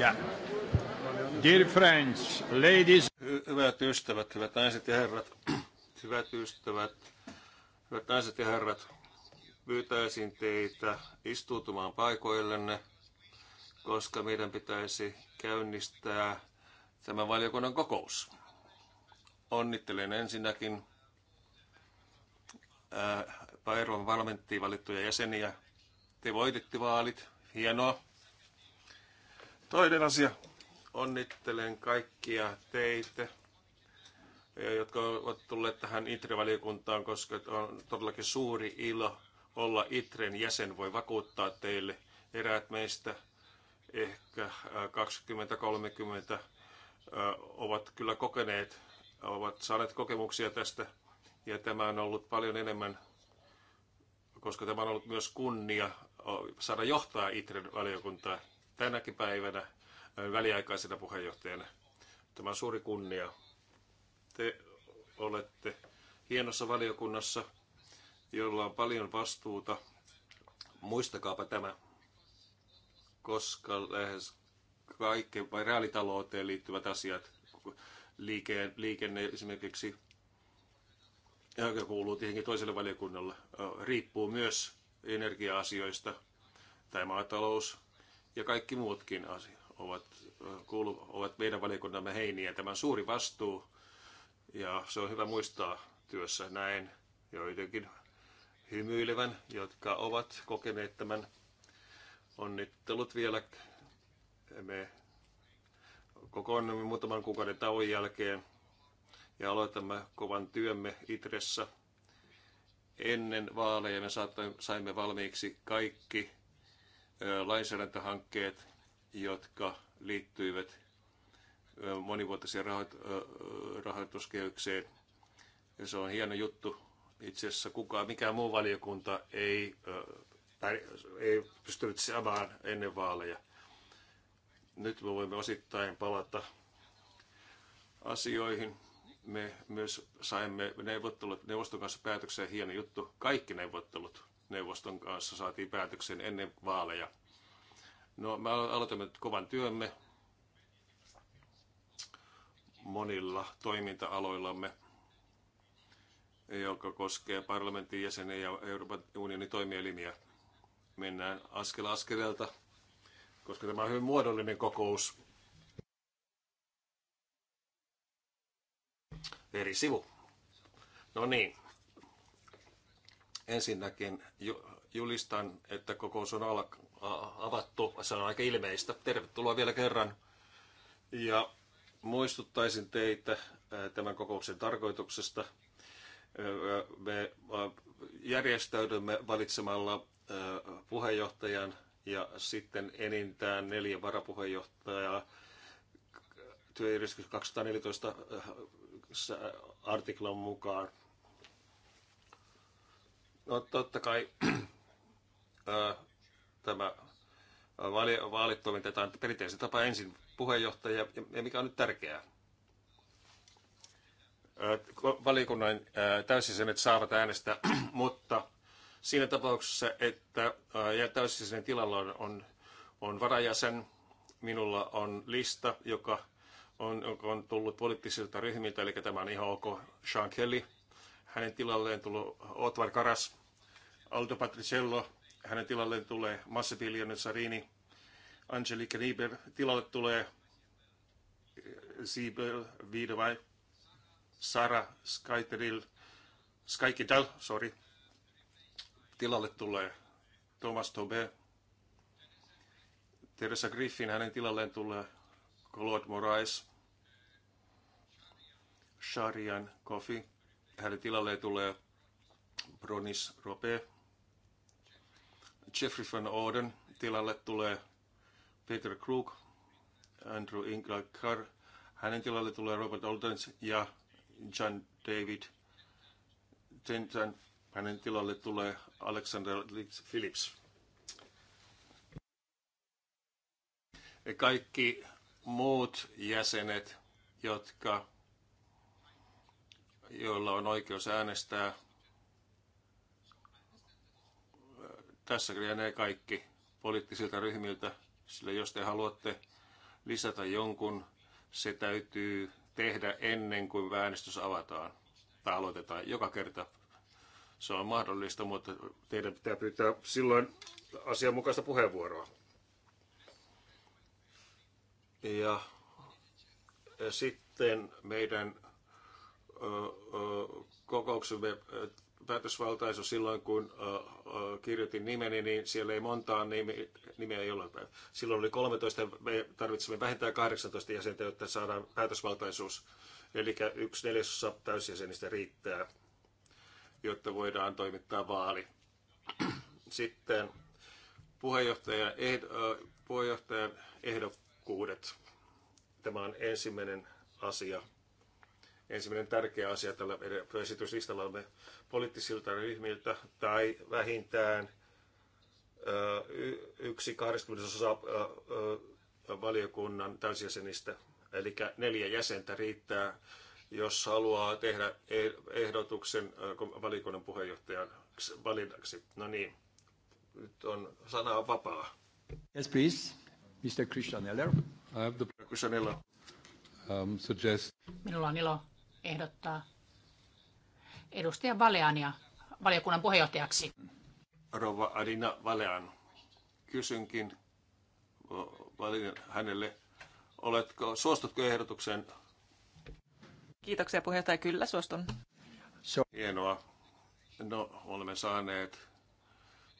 Yeah. Dear friends, ladies. Hyvät ystävät, hyvät naiset ja herrat. Hyvät ystävät, hyvät naiset ja herrat. Pyytäisin teitä istuutumaan paikoillenne, koska meidän pitäisi käynnistää tämä valiokunnan kokous. Onnittelen ensinnäkin äh, Pairon valmenttiin valittuja jäseniä. Te voititte vaalit. Hienoa. Toinen asia. Onnittelen kaikkia teitä, eh, jotka ovat tulleet tähän ITRE-valiokuntaan, koska on todellakin suuri ilo olla ITREn jäsen. Voi vakuuttaa teille eräät meistä ehkä 20-30 eh, eh, ovat kyllä kokeneet, ovat saaneet kokemuksia tästä. Ja tämä on ollut paljon enemmän, koska tämä on ollut myös kunnia saada johtaa ITREn valiokuntaa tänäkin päivänä väliaikaisena puheenjohtajana. Tämä on suuri kunnia. Te olette hienossa valiokunnassa, jolla on paljon vastuuta. Muistakaapa tämä, koska lähes kaikki vai reaalitalouteen liittyvät asiat, liikenne esimerkiksi, joka kuuluu tietenkin toiselle valiokunnalle, riippuu myös energia-asioista tai maatalous, ja kaikki muutkin asiat ovat, kuulu, ovat meidän valiokuntamme heiniä. Tämä on suuri vastuu ja se on hyvä muistaa työssä näin joidenkin hymyilevän, jotka ovat kokeneet tämän onnittelut vielä. Me kokoonnumme muutaman kuukauden tauon jälkeen ja aloitamme kovan työmme Itressä. Ennen vaaleja me saimme valmiiksi kaikki lainsäädäntöhankkeet, jotka liittyivät monivuotiseen rahoituskehykseen. Ja se on hieno juttu. Itse asiassa kukaan, mikään muu valiokunta ei, ei pystynyt samaan ennen vaaleja. Nyt me voimme osittain palata asioihin. Me myös saimme neuvottelut neuvoston kanssa päätökseen hieno juttu. Kaikki neuvottelut neuvoston kanssa saatiin päätöksen ennen vaaleja. No, me aloitamme nyt kovan työmme monilla toiminta-aloillamme, joka koskee parlamentin jäseniä ja Euroopan unionin toimielimiä. Mennään askel askeleelta, koska tämä on hyvin muodollinen kokous. Eri sivu. No niin, Ensinnäkin julistan, että kokous on al- avattu. Se on aika ilmeistä. Tervetuloa vielä kerran. Ja muistuttaisin teitä tämän kokouksen tarkoituksesta. Me järjestäydymme valitsemalla puheenjohtajan ja sitten enintään neljä varapuheenjohtajaa työjärjestys 214 artiklan mukaan. No totta kai tämä vaali, vaalit toimitetaan perinteisen tapa ensin puheenjohtaja ja mikä on nyt tärkeää. Valiokunnan valikunnan ää, täysjäsenet saavat äänestää, mutta siinä tapauksessa, että ää, täysjäsenen tilalla on, on, on varajäsen, minulla on lista, joka on, joka on tullut poliittisilta ryhmiltä, eli tämä on ihan ok, Sean Kelly, hänen tilalleen tullut Otvar Karas, Aldo Patricello, hänen tilalleen tulee Massimiliano Sarini, Angelique Nieber, tilalle tulee eh, Siebel Wiedewey, Sara Skyteril, Skykidal, sorry. Tilalle tulee Thomas Tobe, Teresa Griffin, hänen tilalleen tulee Claude Moraes, Sharian Kofi, hänen tilalleen tulee Bronis Rope, Jeffrey van Oden. Tilalle tulee Peter Krug, Andrew Ingrid Carr. Hänen tilalle tulee Robert Oldens ja John David Tentan. Hänen tilalle tulee Alexander Phillips. ja Kaikki muut jäsenet, jotka, joilla on oikeus äänestää Tässä lienee kaikki poliittisilta ryhmiltä, sillä jos te haluatte lisätä jonkun, se täytyy tehdä ennen kuin äänestys avataan tai aloitetaan joka kerta. Se on mahdollista, mutta teidän pitää pyytää silloin asianmukaista puheenvuoroa. Ja sitten meidän kokouksemme Päätösvaltaisuus silloin, kun kirjoitin nimeni, niin siellä ei montaa nimi, nimeä ei ole. Silloin oli 13, me tarvitsemme vähintään 18 jäsentä, jotta saadaan päätösvaltaisuus. Eli yksi neljäsosa täysjäsenistä riittää, jotta voidaan toimittaa vaali. Sitten puheenjohtajan, ehd, puheenjohtajan ehdokkuudet. Tämä on ensimmäinen asia, ensimmäinen tärkeä asia tällä esityslistalla on poliittisilta ryhmiltä tai vähintään yksi 20 osa valiokunnan täysjäsenistä, eli neljä jäsentä riittää, jos haluaa tehdä e, ehdotuksen valiokunnan puheenjohtajan valinnaksi. No niin, nyt on sana vapaa. Yes, please. Mr. Christian Eller. I have the... Christian Eller. Um, suggest... Minulla on ilo ehdottaa edustaja Valeania valiokunnan puheenjohtajaksi. Rova Adina Valean, kysynkin hänelle, oletko, suostutko ehdotukseen? Kiitoksia puheenjohtaja, kyllä suostun. Hienoa. No, olemme saaneet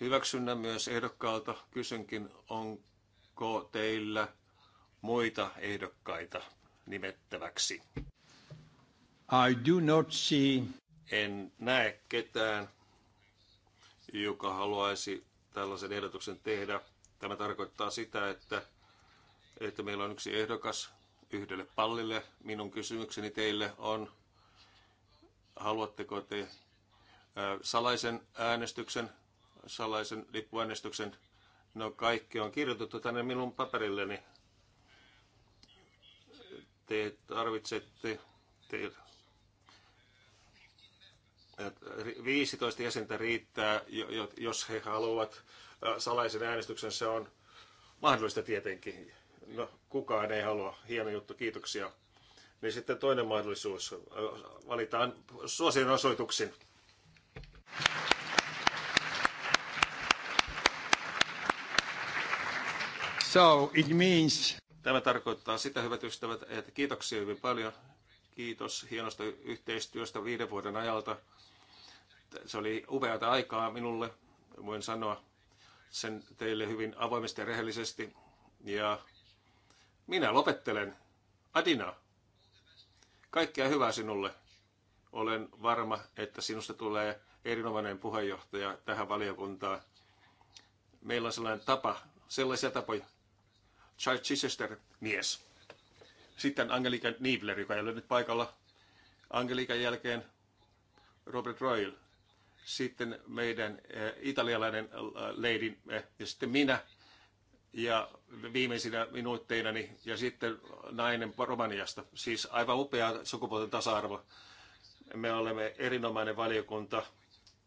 hyväksynnän myös ehdokkaalta. Kysynkin, onko teillä muita ehdokkaita nimettäväksi? I do not see... En näe ketään, joka haluaisi tällaisen ehdotuksen tehdä. Tämä tarkoittaa sitä, että, että meillä on yksi ehdokas yhdelle pallille. Minun kysymykseni teille on, haluatteko te äh, salaisen äänestyksen, salaisen lippuäänestyksen? No kaikki on kirjoitettu tänne minun paperilleni. Te tarvitsette, te 15 jäsentä riittää, jos he haluavat salaisen äänestyksen. Se on mahdollista tietenkin. No, kukaan ei halua. Hieno juttu, kiitoksia. Niin sitten toinen mahdollisuus. Valitaan suosien osoituksin. So it means... Tämä tarkoittaa sitä, hyvät ystävät, että kiitoksia hyvin paljon. Kiitos hienosta yhteistyöstä viiden vuoden ajalta se oli upeata aikaa minulle, voin sanoa sen teille hyvin avoimesti ja rehellisesti. Ja minä lopettelen. Adina, kaikkea hyvää sinulle. Olen varma, että sinusta tulee erinomainen puheenjohtaja tähän valiokuntaan. Meillä on sellainen tapa, sellaisia tapoja. Charles Chichester, mies. Sitten Angelika Niebler, joka ei ole nyt paikalla. Angelikan jälkeen Robert Royle, sitten meidän eh, italialainen eh, lady, eh, ja sitten minä ja viimeisinä minuutteina ja sitten nainen Romaniasta. Siis aivan upea sukupuolten tasa-arvo. Me olemme erinomainen valiokunta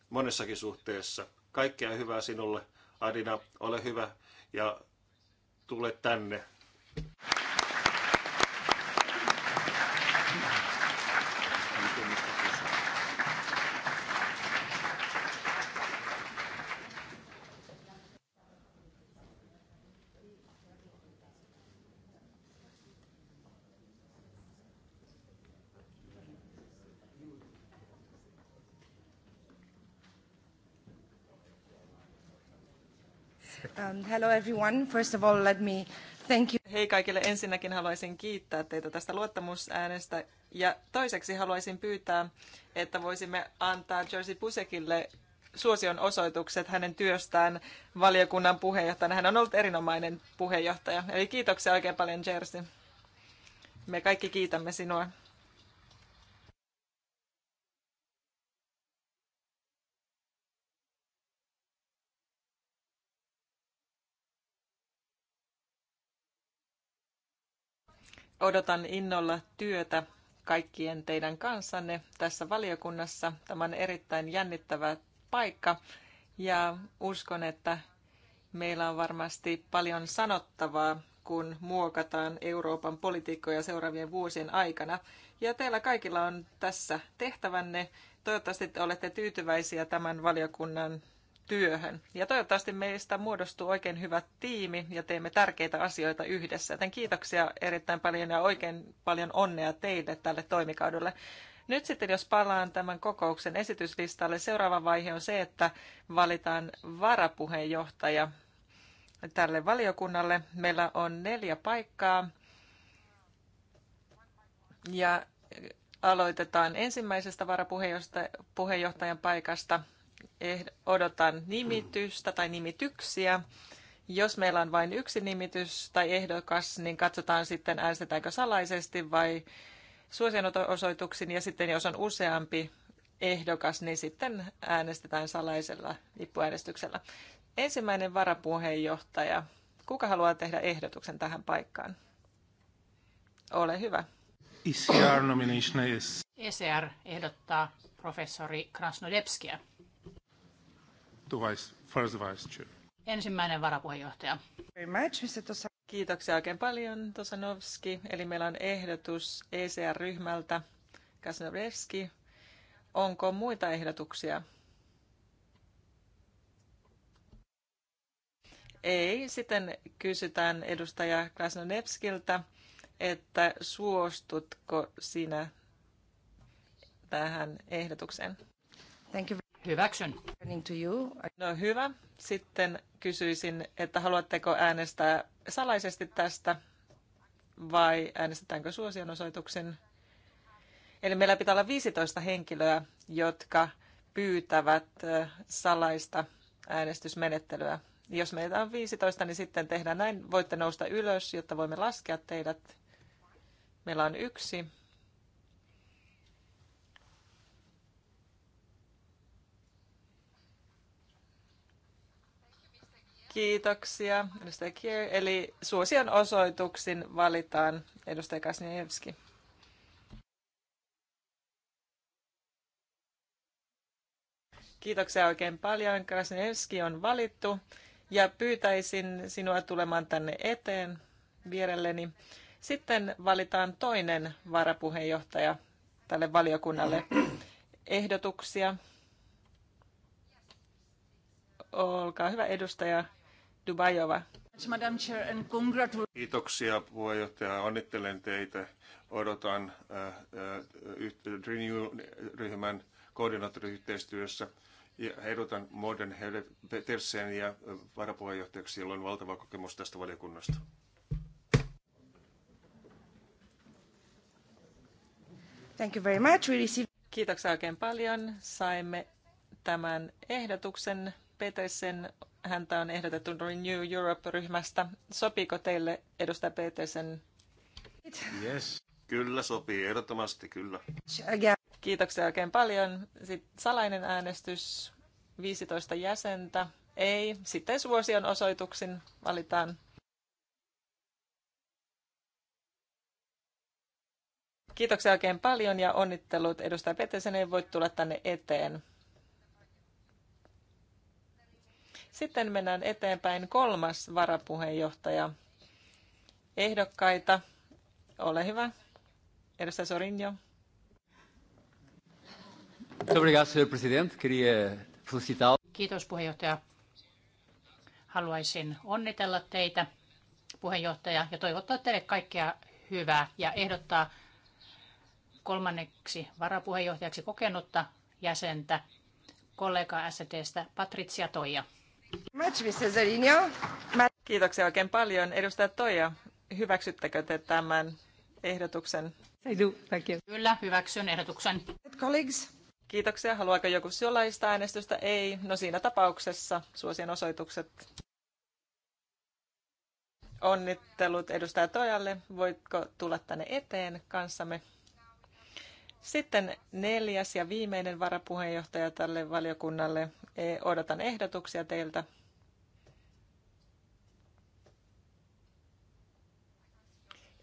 monessakin suhteessa. Kaikkea hyvää sinulle, Adina, ole hyvä ja tule tänne Um, hello everyone. First of all, let me thank you. Hei kaikille. Ensinnäkin haluaisin kiittää teitä tästä luottamusäänestä. Ja toiseksi haluaisin pyytää, että voisimme antaa Jersey Pusekille suosion osoitukset hänen työstään valiokunnan puheenjohtajana. Hän on ollut erinomainen puheenjohtaja. Eli kiitoksia oikein paljon, Jersey. Me kaikki kiitämme sinua. Odotan innolla työtä kaikkien teidän kanssanne tässä valiokunnassa. Tämä on erittäin jännittävä paikka ja uskon, että meillä on varmasti paljon sanottavaa, kun muokataan Euroopan politiikkoja seuraavien vuosien aikana. Ja teillä kaikilla on tässä tehtävänne. Toivottavasti te olette tyytyväisiä tämän valiokunnan työhön. Ja toivottavasti meistä muodostuu oikein hyvä tiimi ja teemme tärkeitä asioita yhdessä. Joten kiitoksia erittäin paljon ja oikein paljon onnea teille tälle toimikaudelle. Nyt sitten jos palaan tämän kokouksen esityslistalle, seuraava vaihe on se, että valitaan varapuheenjohtaja tälle valiokunnalle. Meillä on neljä paikkaa ja aloitetaan ensimmäisestä varapuheenjohtajan paikasta – odotan nimitystä tai nimityksiä. Jos meillä on vain yksi nimitys tai ehdokas, niin katsotaan sitten äänestetäänkö salaisesti vai suosionosoituksin. Ja sitten jos on useampi ehdokas, niin sitten äänestetään salaisella lippuäänestyksellä. Ensimmäinen varapuheenjohtaja. Kuka haluaa tehdä ehdotuksen tähän paikkaan? Ole hyvä. ECR nomination is. ECR ehdottaa professori Krasnodebskia vice, vice chair. Ensimmäinen varapuheenjohtaja. Kiitoksia oikein paljon, Tosanovski. Eli meillä on ehdotus ECR-ryhmältä. Kasnovski, onko muita ehdotuksia? Ei. Sitten kysytään edustaja Krasnodebskiltä, että suostutko sinä tähän ehdotukseen? Thank you. Hyväksyn. No hyvä. Sitten kysyisin, että haluatteko äänestää salaisesti tästä vai äänestetäänkö suosionosoituksen? Eli meillä pitää olla 15 henkilöä, jotka pyytävät salaista äänestysmenettelyä. Jos meitä on 15, niin sitten tehdään näin. Voitte nousta ylös, jotta voimme laskea teidät. Meillä on yksi Kiitoksia, edustaja Kier. Eli suosion osoituksin valitaan edustaja Kasnievski. Kiitoksia oikein paljon. Krasnievski on valittu ja pyytäisin sinua tulemaan tänne eteen vierelleni. Sitten valitaan toinen varapuheenjohtaja tälle valiokunnalle. Ehdotuksia. Olkaa hyvä edustaja Dubajova. Kiitoksia puheenjohtaja. Onnittelen teitä. Odotan äh, äh, Renew-ryhmän koordinaattoriyhteistyössä ja ehdotan Modern Petersen ja äh, varapuheenjohtajaksi, jolla on valtava kokemus tästä valiokunnasta. Thank you very much. Kiitoksia oikein paljon. Saimme tämän ehdotuksen. Petersen häntä on ehdotettu Renew Europe-ryhmästä. Sopiiko teille, edustaja Petersen? Yes. Kyllä sopii, ehdottomasti kyllä. Kiitoksia oikein paljon. Sitten salainen äänestys, 15 jäsentä. Ei, sitten suosion osoituksin valitaan. Kiitoksia oikein paljon ja onnittelut. Edustaja Petersen ei voi tulla tänne eteen. Sitten mennään eteenpäin kolmas varapuheenjohtaja ehdokkaita. Ole hyvä. Edustaja Sorinjo. Kiitos puheenjohtaja. Haluaisin onnitella teitä puheenjohtaja ja toivottaa teille kaikkea hyvää ja ehdottaa kolmanneksi varapuheenjohtajaksi kokenutta jäsentä kollega STstä Patricia Toija. Kiitoksia oikein paljon. Edustaja Toija, hyväksyttekö te tämän ehdotuksen? I do, thank you. Kyllä, hyväksyn ehdotuksen. Colleagues. Kiitoksia. Haluaako joku sulaista äänestystä? Ei. No siinä tapauksessa suosien osoitukset. Onnittelut edustaja Tojalle. Voitko tulla tänne eteen kanssamme? Sitten neljäs ja viimeinen varapuheenjohtaja tälle valiokunnalle Odotan ehdotuksia teiltä.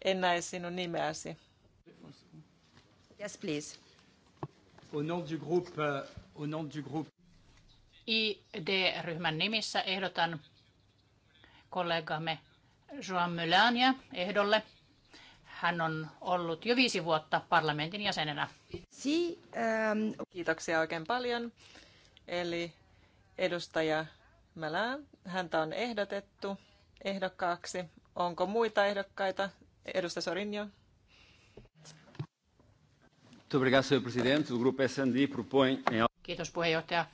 En näe sinun nimeäsi. Yes, please. Au nom du groupe, euh, au nom du groupe. ID-ryhmän nimissä ehdotan kollegamme Joan Mylania ehdolle. Hän on ollut jo viisi vuotta parlamentin jäsenenä. Si, um... Kiitoksia oikein paljon. Eli edustaja Mälään. Häntä on ehdotettu ehdokkaaksi. Onko muita ehdokkaita? Edustaja Sorinjo. Kiitos puheenjohtaja.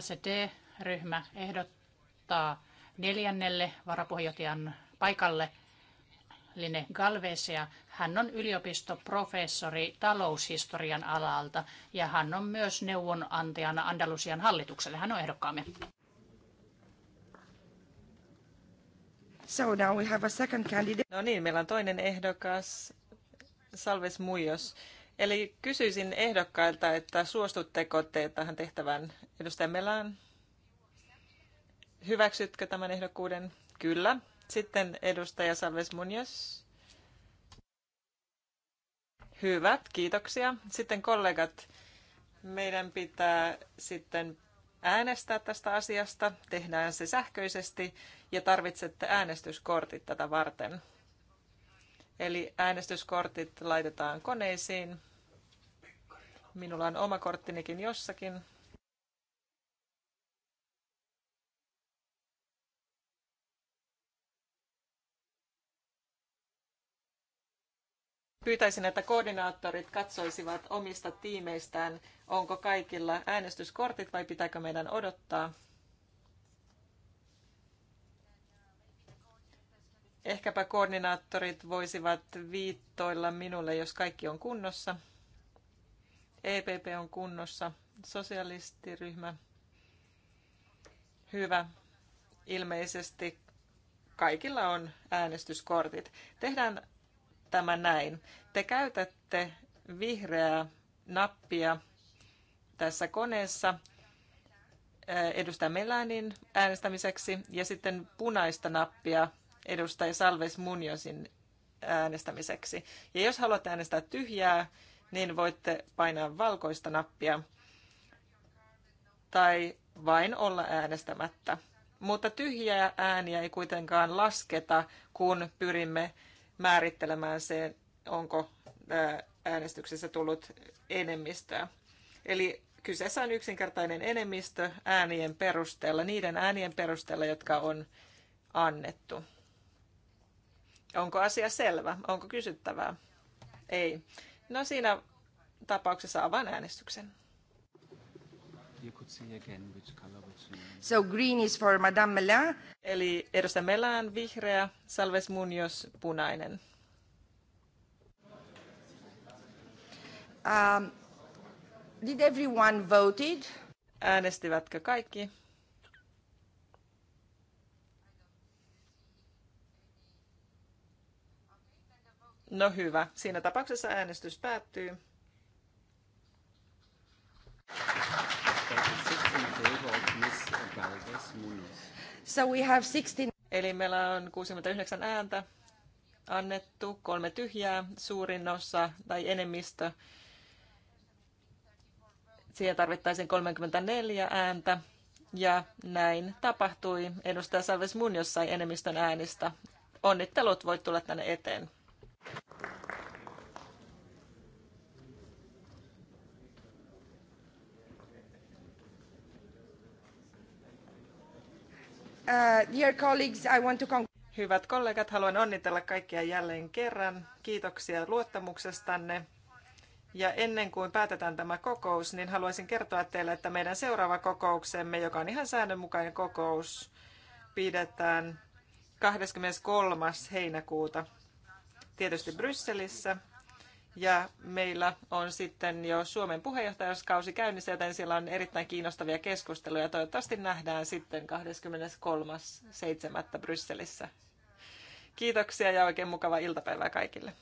SD-ryhmä ehdottaa neljännelle varapuheenjohtajan paikalle – Line Galvesia. Hän on yliopistoprofessori taloushistorian alalta ja hän on myös neuvonantajana Andalusian hallitukselle. Hän on ehdokkaamme. So now we have a second candidate. No niin, meillä on toinen ehdokas, Salves Muijos. Eli kysyisin ehdokkailta, että suostutteko te tähän tehtävään edustaja Melan? Hyväksytkö tämän ehdokkuuden? Kyllä. Sitten edustaja Salves Munjas. Hyvät, kiitoksia. Sitten kollegat, meidän pitää sitten äänestää tästä asiasta. Tehdään se sähköisesti ja tarvitsette äänestyskortit tätä varten. Eli äänestyskortit laitetaan koneisiin. Minulla on oma korttinikin jossakin. Pyytäisin, että koordinaattorit katsoisivat omista tiimeistään, onko kaikilla äänestyskortit vai pitääkö meidän odottaa. Ehkäpä koordinaattorit voisivat viittoilla minulle, jos kaikki on kunnossa. EPP on kunnossa. Sosialistiryhmä. Hyvä. Ilmeisesti kaikilla on äänestyskortit. Tehdään tämä näin. Te käytätte vihreää nappia tässä koneessa eh, edustaja Melanin äänestämiseksi ja sitten punaista nappia edustaja Salves Munjosin äänestämiseksi. Ja jos haluatte äänestää tyhjää, niin voitte painaa valkoista nappia tai vain olla äänestämättä. Mutta tyhjää ääniä ei kuitenkaan lasketa, kun pyrimme määrittelemään se onko äänestyksessä tullut enemmistöä. Eli kyseessä on yksinkertainen enemmistö äänien perusteella, niiden äänien perusteella, jotka on annettu. Onko asia selvä? Onko kysyttävää? Ei. No siinä tapauksessa avaan äänestyksen. So green is for Madame Melan. Eli edustaja Melan vihreä, Salves Munoz punainen. Um, did everyone voted? Äänestivätkö kaikki? No hyvä. Siinä tapauksessa äänestys päättyy. So we have 16... Eli meillä on 69 ääntä annettu, kolme tyhjää, suurin osa tai enemmistö. Siihen tarvittaisiin 34 ääntä. Ja näin tapahtui. Edustaja Salves Munjos sai enemmistön äänistä. Onnittelut, voit tulla tänne eteen. Uh, dear colleagues, I want to Hyvät kollegat, haluan onnitella kaikkia jälleen kerran. Kiitoksia luottamuksestanne. Ja ennen kuin päätetään tämä kokous, niin haluaisin kertoa teille, että meidän seuraava kokouksemme, joka on ihan säännönmukainen kokous, pidetään 23. heinäkuuta, tietysti Brysselissä. Ja meillä on sitten jo Suomen puheenjohtajuuskausi käynnissä, joten siellä on erittäin kiinnostavia keskusteluja. Toivottavasti nähdään sitten 23.7. Brysselissä. Kiitoksia ja oikein mukava iltapäivää kaikille.